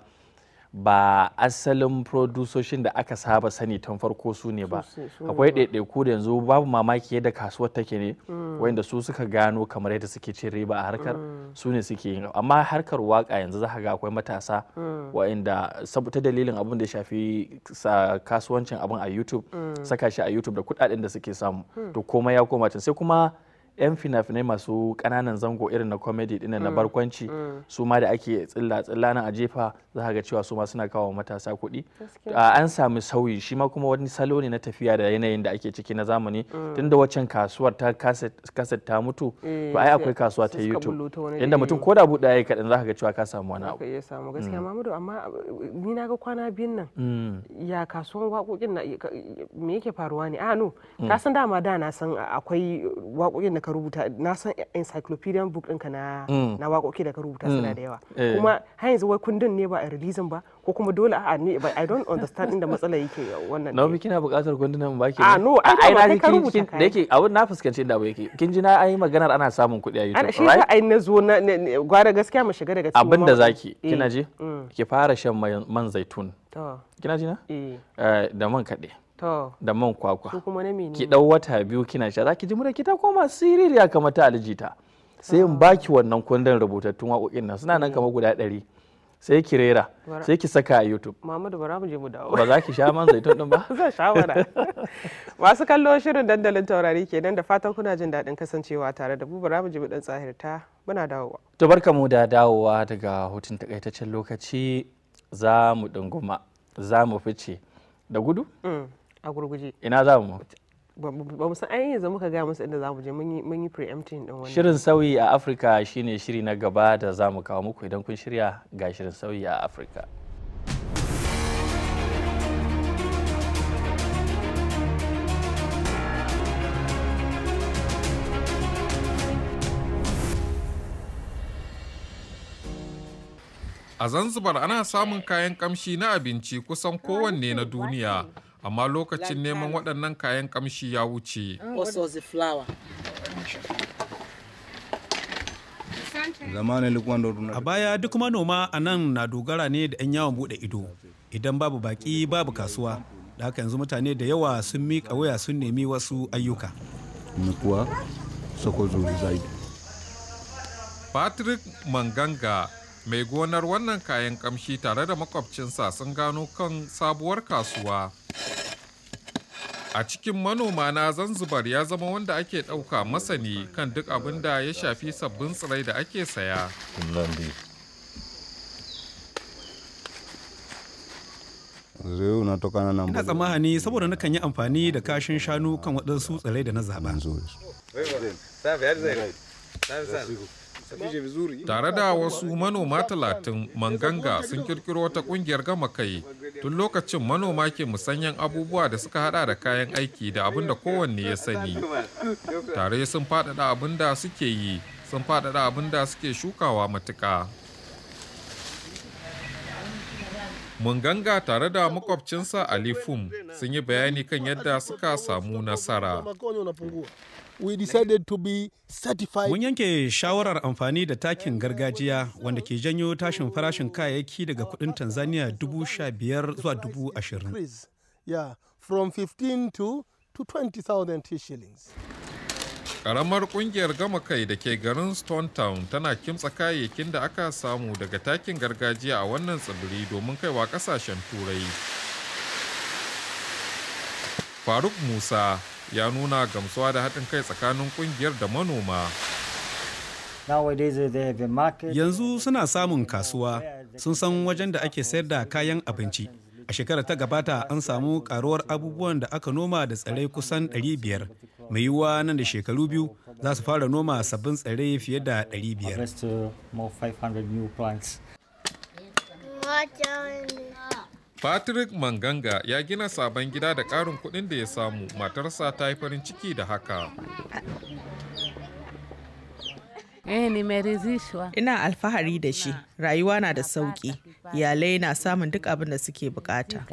ba asalin produsoshin da aka saba sani tun farko su ne ba akwai ɗaiɗaiku da yanzu babu mamaki yadda kasuwar take ne mm. wanda su suka gano kamar yadda suke cin riba a harkar mm. su ne suke yin amma harkar waka yanzu za ga akwai matasa mm. wa'inda ta dalilin abin da shafi kasuwancin abin a youtube saka shi a youtube da kuɗaɗen da suke samu to komai ya koma sai kuma 'yan fina-finai masu kananan zango irin na comedy dinnan na mm, barkwanci mm. su ma da ake tsilla tsilla na a jefa za ga cewa su ma suna kawo matasa kuɗi ah, an samu sauyi shi ma kuma wani salo ne na tafiya da yanayin da ake ciki na zamani mm. tunda waccan kasuwar ta kaset ta mutu eh, to ai akwai kasuwa ta youtube inda mutum ko da buɗe ya kaɗan za ka ga cewa ka samu wani abu ya samu gaskiya mamudu amma eh, ni na ga kwana biyun nan ya kasuwan waƙoƙin me yake faruwa ne a ah, no ka san dama da na san akwai waƙoƙin da ka rubuta na san encyclopedian book ɗinka na mm. na waƙoƙi da ka rubuta suna mm. da yawa eh. kuma har yanzu wai kundin ne ba a releasing ba ko kuma dole a ne ba I don't understand inda matsala yake wannan na bi kina buƙatar kundunan ba ke a ah, no ai na ji kin da yake abin na fuskanci inda ba yake kin ji na ai maganar ana samun kuɗi a YouTube right shi ai na zo na gwada gaskiya mu shiga daga cikin abin da zaki eh, kina ji mm. ki fara shan man zaitun kina ji na eh. da man kaɗe da man kwakwa ki dau wata biyu kina sha zaki ji mura ki ta koma siririya kamar ta aljita sai in ah. baki wannan kundin rubutattun waƙoƙin nan suna nan mm. kamar guda ɗari sai ki rera sai ki saka a youtube mamadu bara mu je mu dawo ba za ki sha man zaitun din ba zan sha mana masu kallo shirin dandalin taurari kenan da fatan kuna jin daɗin kasancewa tare da mu bara mu je mu dan ta muna dawowa to mu da dawowa daga hutun takaitaccen lokaci za mu dunguma za mu fice da gudu mm. a gurguje ina za mu ba san yanzu muka gaya musu inda za mu je mun yi preempting din wannan shirin sauyi a afirka shine shiri na gaba da za mu kawo muku idan kun shirya ga shirin sauyi a afirka A Zanzibar ana samun kayan kamshi na abinci kusan kowanne na duniya amma lokacin neman waɗannan kayan kamshi ya wuce. A baya duk manoma a nan na dogara ne da 'yan yawon buɗe ido, idan babu baƙi babu kasuwa, da haka yanzu mutane da yawa sun miƙa waya sun nemi wasu ayyuka. Patrick Manganga mai gonar wannan kayan kamshi tare da makwabcinsa sun gano kan sabuwar kasuwa a cikin manoma na zanzibar ya zama wanda ake ɗauka masani kan duk abin da ya shafi sabbin tsirai da ake saya ina tsammani saboda nakan yi amfani da kashin shanu kan waɗansu tsirai da na zaɓa Tare da wasu manoma talatin manganga sun kirkiro wata kungiyar gama kai tun lokacin manoma ke musanyen abubuwa da suka hada da kayan aiki da abin da kowanne ya sani. Tare sun faɗaɗa abin da suke yi sun faɗaɗa abin da suke shukawa matuka. Munganga tare da makwabcinsa alifum sun yi bayani kan yadda suka samu nasara. we decided to be certified. Mun yanke shawarar amfani da takin gargajiya wanda ke janyo tashin farashin kayayyaki daga kudin Tanzania dubu sha biyar zuwa dubu ashirin. Yeah, from 15 to, to 20,000 shillings. Karamar kungiyar gama kai da ke garin Stone Town tana kimtsa kayayyakin da aka samu daga takin gargajiya a wannan tsibiri domin kaiwa kasashen turai. Faruk Musa ya nuna gamsuwa da haɗin kai tsakanin ƙungiyar da manoma. Uh, Yanzu suna samun kasuwa sun san wajen da ake sayar da kayan abinci. A shekarar ta gabata an samu karuwar abubuwan da aka noma da tsare kusan 500. Mai yiwuwa nan da shekaru biyu za su fara noma sabbin tsare fiye da 500. Patrick Manganga ya gina sabon gida da ƙarin kuɗin da ya samu matarsa ta yi farin ciki da haka. Eh, ina alfahari da shi, rayuwa na da sauƙi, iyalai na samun duk abin da suke bukata.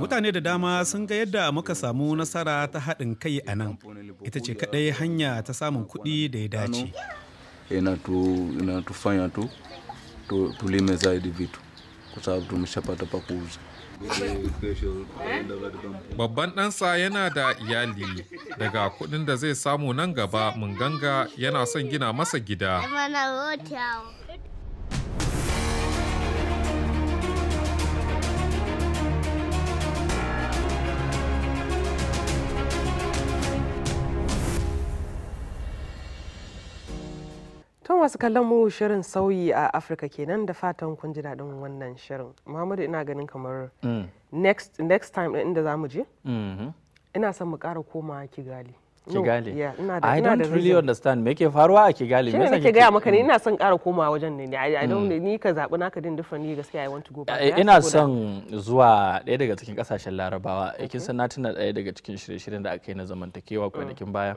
Mutane da dama sun ga yadda muka samu nasara ta haɗin kai a nan, ita ce kaɗai hanya ta samun kuɗi da ya dace. Ina tu, vitu. babban ɗansa yana da iyali daga kuɗin da zai samu nan gaba mun ganga yana son gina masa gida masu kallon mu shirin sauyi a Afirka kenan da fatan kun ji daɗin wannan shirin. Muhammadu ina ganin kamar mm. next next time inda za mu je. Mm-hmm. Ina son mu ƙara koma Kigali. Kigali. I don't really understand me ke faruwa a Kigali. Shi ne ke gaya maka ne mm. ina son ƙara koma wajen ne. I don't mm. ni ka zaɓi naka din different ni gaskiya I want to go back. Eh, ina son zuwa ɗaya daga cikin ƙasashen Larabawa. Eh, kin san na tuna ɗaya daga cikin shirye-shiryen da aka yi na zamantakewa kwanakin baya.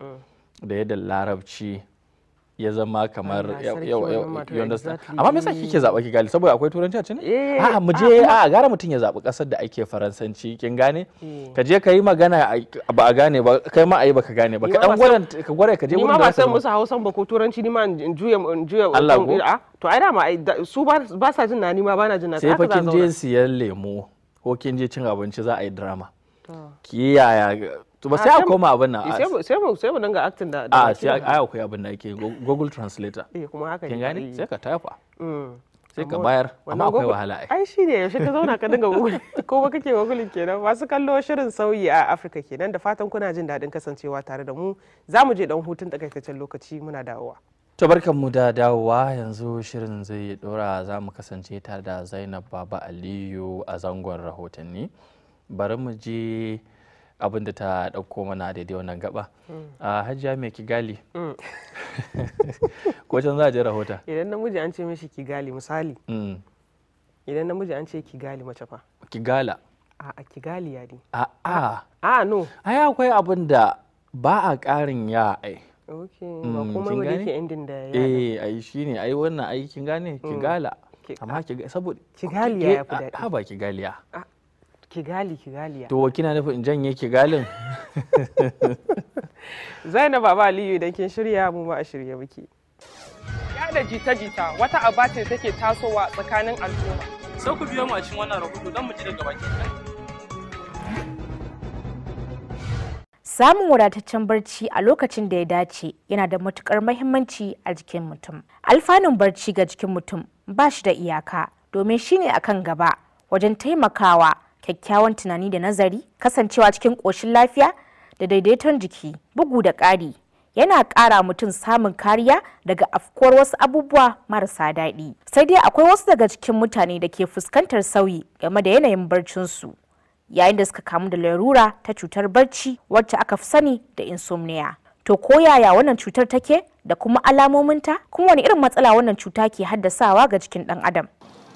Da yadda Larabci ya zama kamar you amma me yasa kike zaba ki gali saboda akwai turanci a cini eh, a mu je a gara mutum ya zabi kasar da ake faransanci kin gane eh. ka je ka yi magana ba a gane ba kai ma ayi baka gane ba ka dan gwaran ka gware ka je gurin da ba san musu Hausan ba ko turanci ni ma in juya in juya a ah, to ai dama su ba sa jin na ni ma ba na jin na sai fa kin je siyan lemo ko kin je cin abinci za a yi drama kiyaya. to ba ah, sai a koma abin nan eh, ah, sai mu sai mu dinga acting da a ah, sai ai akwai abin da ake google translator eh kuma haka kin gani eh. sai ka taifa mm. sai ka bayar amma akwai wahala ai shi ne yaushe ka zauna ka dinga google ko ba kake google kenan masu kallo shirin sauyi a Afirka kenan da fatan kuna jin daɗin kasancewa tare da mu za mu je dan hutun takaitaccen lokaci muna dawowa to mu da dawowa yanzu shirin zai dora za mu kasance tare da zainab baba aliyu a zangon rahotanni bari mu je abin da ta ɗauko mana daidai wannan gaba hmm. a hajiya mai kigali hmm. ko can za a je rahota idan namiji an ce mishi kigali misali hmm. idan namiji an ce kigali mace fa kigala a a kigali ya ne a a a no ai akwai abin da ba a ƙarin ya ai ok ba kuma ba yake indin da ya eh ai shine ai wannan a gane kigala amma saboda kigali ya fi daɗi ha ba kigaliya kigali kigaliya to kina nufin in janye kigalin zainab baba aliyu idan kin shirya mu ma a shirye muke yada jita-jita wata aba take tasowa tsakanin al'umma sai ku biyo mu a cikin wannan rahoto don mu ji daga bakin Samun wadataccen barci a lokacin da ya dace yana da matukar mahimmanci a jikin mutum. Alfanun barci ga jikin mutum ba shi da iyaka domin shine akan gaba wajen taimakawa kyakkyawan tunani da nazari kasancewa cikin ƙoshin lafiya da daidaiton jiki bugu da ƙari yana ƙara mutum samun kariya daga afkuwar wasu abubuwa marasa daɗi sai dai akwai wasu daga cikin mutane da ke fuskantar sauyi game da yanayin barcinsu yayin da suka kamu da larura ta cutar barci wacce aka fi sani da insomnia to ko yaya wannan cutar take da kuma alamominta kuma wani irin matsala wannan cuta ke haddasawa ga cikin ɗan adam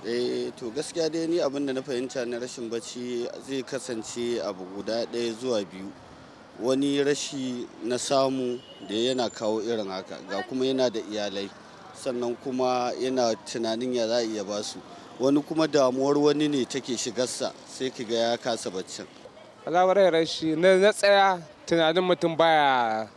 eh to gaskiya dai ni abin da na fahimta na rashin bacci zai kasance abu guda ɗaya zuwa biyu wani rashi na samu da yana kawo irin haka ga kuma yana da iyalai sannan kuma yana tunanin ya za a iya basu wani kuma damuwar wani ne take shigarsa sai ki ga ya kasa baccin alawar rashi na tsaya tunanin mutum baya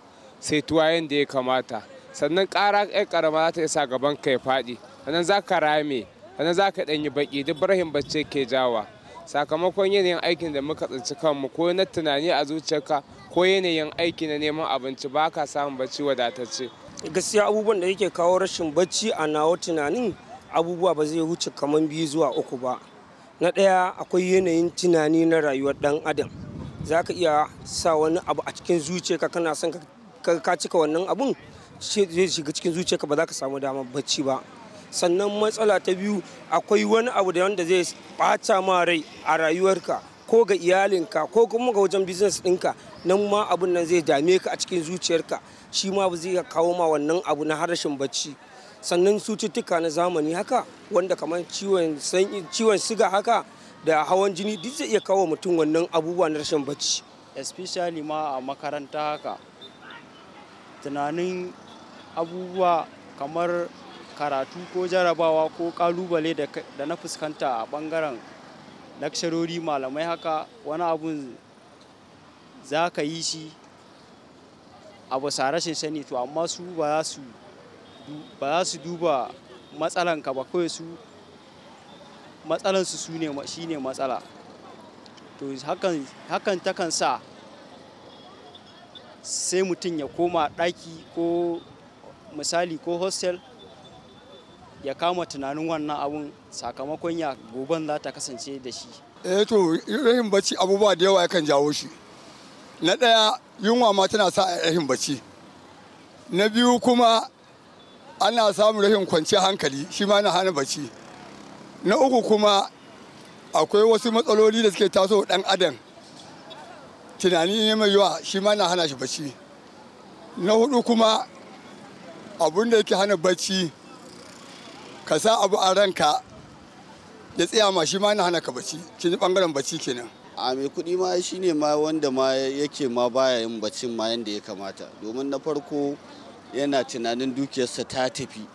saituwa yadda ya kamata sannan ƙara ƙarama za ta isa gaban ka ya faɗi sannan za ka rame wani za ka ɗanyi baƙi duk barhin bacci ke jawa sakamakon yanayin aikin da muka tsinci kanmu ko na tunani a zuciyarka ko yanayin aiki na neman abinci ba ka samun bacci wadatacce gaskiya abubuwan da yake kawo rashin bacci a nawa tunanin abubuwa ba zai wuce kamar biyu zuwa uku ba na ɗaya akwai yanayin tunani na rayuwar dan adam za ka iya sa wani abu a cikin zuciyarka kana son ka cika wannan abun zai shiga cikin zuciyarka ba za ka samu damar bacci ba sannan matsala ta biyu akwai wani abu da wanda zai ɓata ma rai a rayuwarka ko ga iyalinka ko kuma ga wajen business ɗinka nan ma abun nan zai dame ka a cikin zuciyarka shi ma ba zai kawo ma wannan abu na harshen bacci sannan cututtuka na zamani haka wanda kamar ciwon siga haka da hawan jini duk zai iya kawo mutum wannan abubuwa na rashin bacci especially ma a makaranta haka tunanin abubuwa kamar karatu ko jarabawa ko kalubale da na fuskanta a bangaren lakcarori malamai haka wani abun za ka yi shi abu rashin sani to amma su ba za su duba matsalanka ba kawai su matsalansu su ne shi ne matsala to hakan takan sa sai mutum ya koma ɗaki ko misali ko hostel ya kama tunanin wannan abun sakamakon ya goben za ta kasance da shi eh to rahin bacci abubuwa da yawa yakan jawo shi na ɗaya yunwa ma tana sa a rahin bacci na biyu kuma ana samun rahin kwanciyar hankali shi ma na hana bacci na uku kuma akwai wasu matsaloli da suke taso dan adam tunani ne mai yawa shi ma na hana shi bacci na hudu kuma abun da yake hana bacci ka sa abu a ranka ya tsaya ma shi ma yana hana ka bacci kin bangaren bacci kenan a mai kuɗi ma shi ne ma wanda ma yake ma baya yin baccin ma yanda ya kamata domin na farko yana tunanin dukiyarsa ta tafi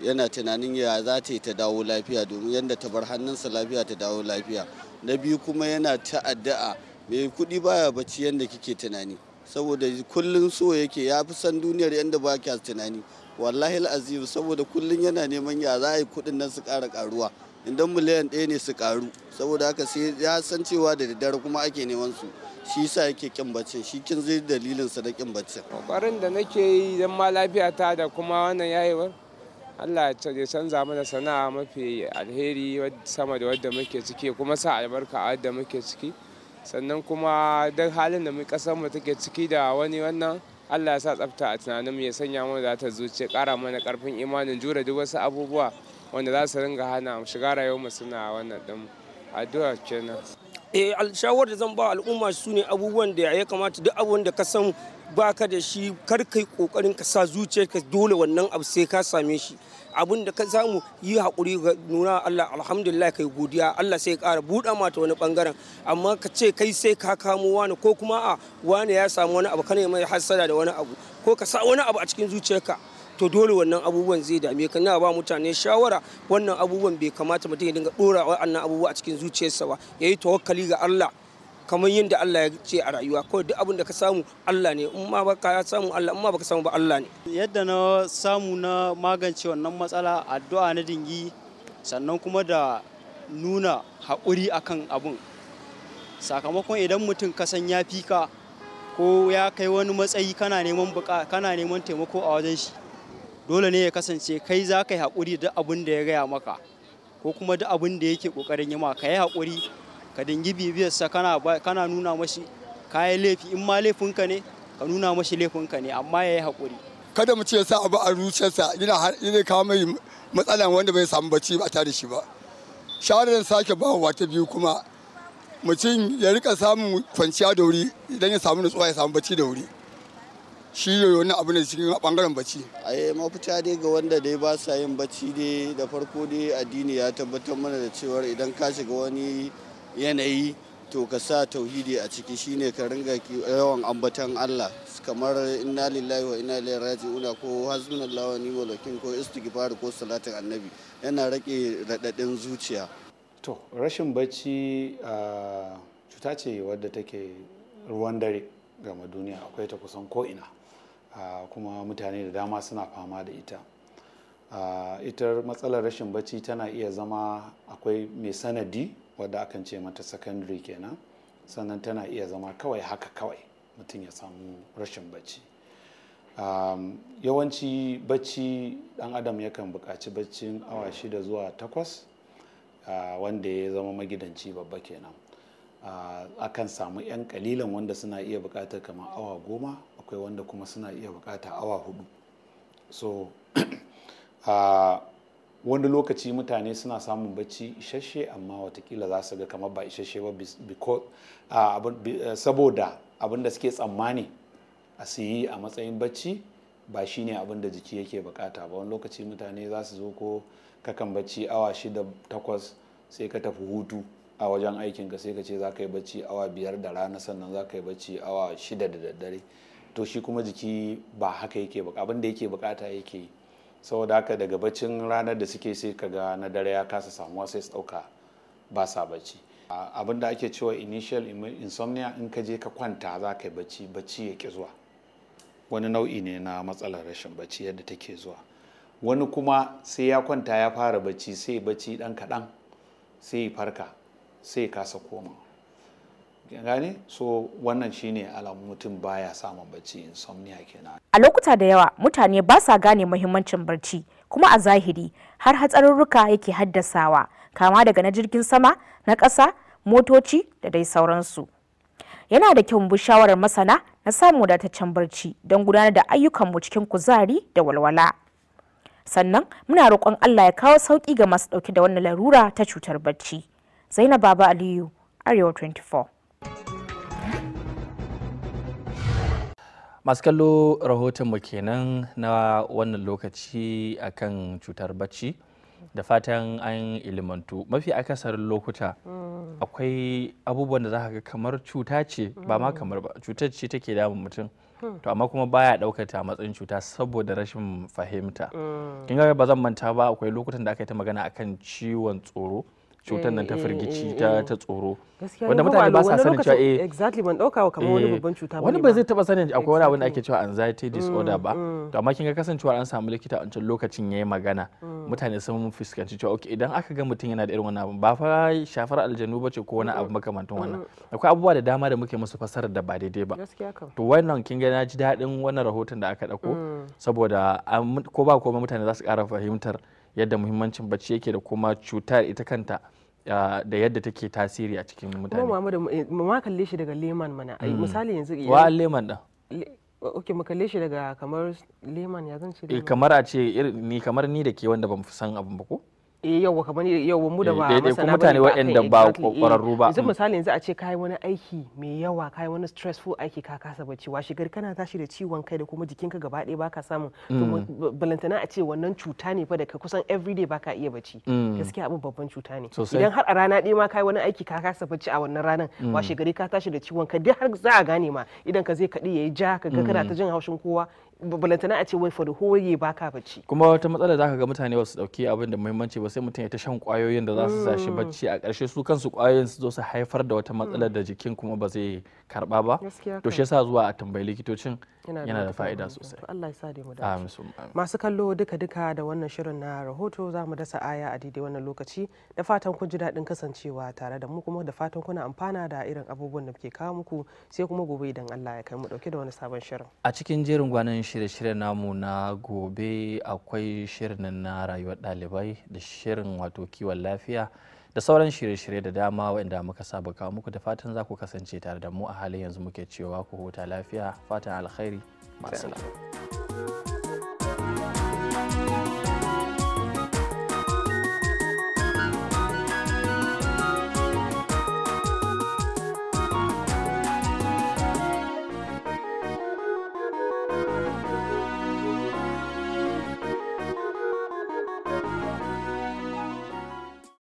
yana tunanin ya za ta yi ta dawo lafiya domin yadda ta bar hannunsa lafiya ta dawo lafiya na biyu kuma yana ta'adda'a, addu'a mai kuɗi baya bacci yadda kike tunani saboda kullum so yake ya fi san duniyar yadda ba kya tunani wallahi azim saboda kullum yana neman ya za a yi kudin nan su kara karuwa idan miliyan ɗaya ne su karu saboda haka sai ya san cewa da daddare kuma ake neman su shi sa yake kin baccin shi kin zai dalilin sa da kin baccin kokarin da nake yi idan ma lafiya ta da kuma wannan yayewar Allah ya canza mana sana'a mafi alheri sama da wadda muke ciki kuma sa albarka a wadda muke ciki sannan kuma duk halin da mu kasar mu take ciki da wani wannan allah ya sa tsafta a tunaninmu ya sanya mana da ta ya kara mana karfin imanin jure duk wasu abubuwa wanda za su ringa hana mu shiga mu suna wannan din addu'a kenan eh shawar da zan ba al'umma su ne abubuwan da ya kamata duk abun da ka san baka da shi kar kai kokarin ka sa zuciyarka dole wannan abu sai ka same shi abin da ka samu yi hakuri ga nuna Allah alhamdulillah kai godiya Allah sai ƙara buɗa mata wani ɓangaren amma ka ce kai sai ka kamo wani ko kuma a wani ya samu wani abu kana mai hassada da wani abu ko ka sa wani abu a cikin zuciyarka to dole wannan abubuwan zai dame ka na ba mutane shawara wannan abubuwan bai kamata mutum ya dinga ɗora wa abubuwa a cikin zuciyarsa ba ya yi tawakkali ga Allah kamar yadda Allah ya ce a rayuwa ko duk abin da ka samu Allah ne in ma baka samu Allah in ma baka samu ba Allah ne yadda na samu na magance wannan matsala addu'a na dingi sannan kuma da nuna haƙuri akan abun sakamakon idan mutum ka san ya fika ko ya kai wani matsayi kana neman kana neman taimako a wajen shi dole ne ya kasance kai za ka yi haƙuri duk abin da ya gaya maka ko kuma duk abin da yake ƙoƙarin yi ma ka yi haƙuri ka dingi bibiyarsa kana nuna mashi kayan laifi in ma laifinka ne ka nuna mashi laifinka ne amma ya yi haƙuri kada mu ce sa abu a zuciyarsa yana yana kawo mai matsalan wanda bai samu bacci ba tare shi ba shawarar sake ba wa ta biyu kuma mutum ya rika samun kwanciya da wuri idan ya samu nutsuwa ya samu bacci da wuri shi ne wani abu ne cikin bangaren bacci ai mafita dai ga wanda dai ba sa yin bacci dai da farko dai addini ya tabbatar mana da cewar idan ka shiga wani yanayi to ka sa tauhidi a ciki shine ka ringa yawan ambaton Allah kamar inna lillahi wa inna ilaihi raji'un ko hasbunallahu wa ni'mal wakil ko istighfar ko salatin annabi yana rake radadin zuciya to rashin bacci cuta ce wadda take ruwan dare gama duniya akwai ta kusan ko'ina kuma mutane da dama suna fama da ita ita matsalar rashin bacci tana iya zama akwai mai sanadi wadda akan ce mata secondary kenan sannan tana iya zama kawai haka kawai mutum ya samu rashin bacci um, yawanci bacci dan adam yakan buƙaci baccin awa shida zuwa takwas uh, wanda ya zama magidanci babba kenan uh, akan samu 'yan kalilan wanda suna iya buƙatar kamar awa goma akwai wanda kuma suna iya buƙatar awa hudu so uh, wani lokaci mutane suna samun bacci isasshe amma watakila za su ga kamar ba isasshe ba eh, saboda abin da suke tsammani a su yi a matsayin bacci ba shi ne abin da jiki yake bukata ba wani lokaci mutane za su zo ko kakan bacci awa shida takwas sai ka tafi hutu a wajen aikin ka sai ka ce za ka yi bacci awa biyar da rana sannan za ka yi bacci awa shida da daddare to shi kuma jiki ba haka yake abin da yake bukata yake yi saboda haka daga baccin ranar da suke sai kaga na dare ya kasa samuwa sai su ɗauka ba sa bacci abin da ake cewa initial insomnia in ka je ka kwanta za ka yi bacci bacci ya ƙi zuwa wani nau'i ne na matsalar rashin bacci yadda take zuwa wani kuma sai ya kwanta ya fara bacci sai bacci dan kaɗan sai farka sai kasa komawa gane so wannan shine alamun mutum baya samun bacci insomnia kenan a lokuta da yawa mutane ba sa gane muhimmancin barci kuma a zahiri har hatsarurruka yake haddasawa kama daga na jirgin sama na ƙasa motoci da dai sauransu yana da kyau bi shawarar masana na samun wadataccen barci don gudanar da ayyukan mu cikin kuzari da walwala sannan muna roƙon allah ya kawo sauki ga masu ɗauke da wannan larura ta cutar barci zainab baba aliyu arewa 24 masu kallo rahotonmu kenan na wannan lokaci akan cutar bacci da fatan an ilimantu mafi akasarin lokuta mm. akwai abubuwan da za ka ga kamar cuta ce ba ma mm. kamar ba cutar ce take damun mutum hmm. to amma kuma baya ɗaukata matsayin cuta saboda rashin fahimta mm. kin ga ba zan manta ba akwai lokutan da aka yi ta magana akan ciwon tsoro cutar nan ta eh, eh, firgici eh, ta ta tsoro wanda mutane ba sa sanin cewa eh exactly ban dauka kamar wani babban cuta wani ba zai taba sanin akwai wani abin da ake cewa anxiety mm, disorder ba mm. to amma kin ga kasancewa an samu likita a wancan lokacin yayi magana mm. mutane sun fuskanci cewa okay idan aka ga mutum yana da irin wannan abin ba fa shafar aljanu bace ko wani abu makamantan wannan akwai abubuwa da dama da muke musu fasarar da ba daidai ba to wannan kin ga na ji dadin wannan rahoton da aka dauko saboda ko ba komai mutane za su ƙara fahimtar yadda muhimmancin bacci yake da kuma cutar ita kanta Ah, da yadda take tasiri a cikin mutane kuma Muhammadu eh, ma kalle shi daga Lehman mana hmm. misali yanzu wa eh, Lehman da ok mu kalle shi daga kamar Lehman ya zan ce eh, kamar a ce ni kamar ni da ke wanda ban fi san abin ba ko eh yawa kamar yauwa mu da eh, ba masana mutane waɗanda ba eh, ƙwararru ba yanzu mm. misali yanzu a ce kai wani aiki mai yawa kai wani stressful aiki ka kasa bacci washi gari kana tashi da ciwon kai da kuma jikinka gaba ɗaya baka samun mm. balantana a ce wannan cuta ne fa da ka kusan everyday baka iya bacci mm. gaskiya abin babban cuta ne idan har a rana ɗaya ma kai wani aiki ka kasa bacci a wannan ranan washi gari ka tashi da ciwon kai dai har za a gane ma idan ka zai kaɗi yayi ja ka ga kana ta jin haushin kowa balantana a ce wai for the whole year baka bacci kuma wata matsala zaka ga mutane wasu dauki abin da muhimmanci ba sai mutum ya ta shan kwayoyin da za su sa shi mm. bacci a karshe su kansu kwayoyin su zo su haifar da wata matsala da jikin kuma ba zai karba ba to shi yasa zuwa a tambayi likitocin yana da fa'ida sosai Allah ya sa mu dace masu kallo duka duka da wannan shirin na rahoto za mu dasa aya a daidai wannan lokaci da fatan kun ji daɗin kasancewa tare da mu kuma da fatan kuna amfana da irin abubuwan da muke kawo muku sai kuma gobe idan Allah ya kai mu dauke da wani sabon shirin a cikin jerin gwanin shirye-shiryen namu na gobe akwai shirin na rayuwar ɗalibai da shirin wato kiwon lafiya da sauran shirye-shirye da dama waɗanda muka saba kawo muku da fatan za ku kasance tare da mu a halin yanzu muke cewa ku huta lafiya fatan alkhairi masu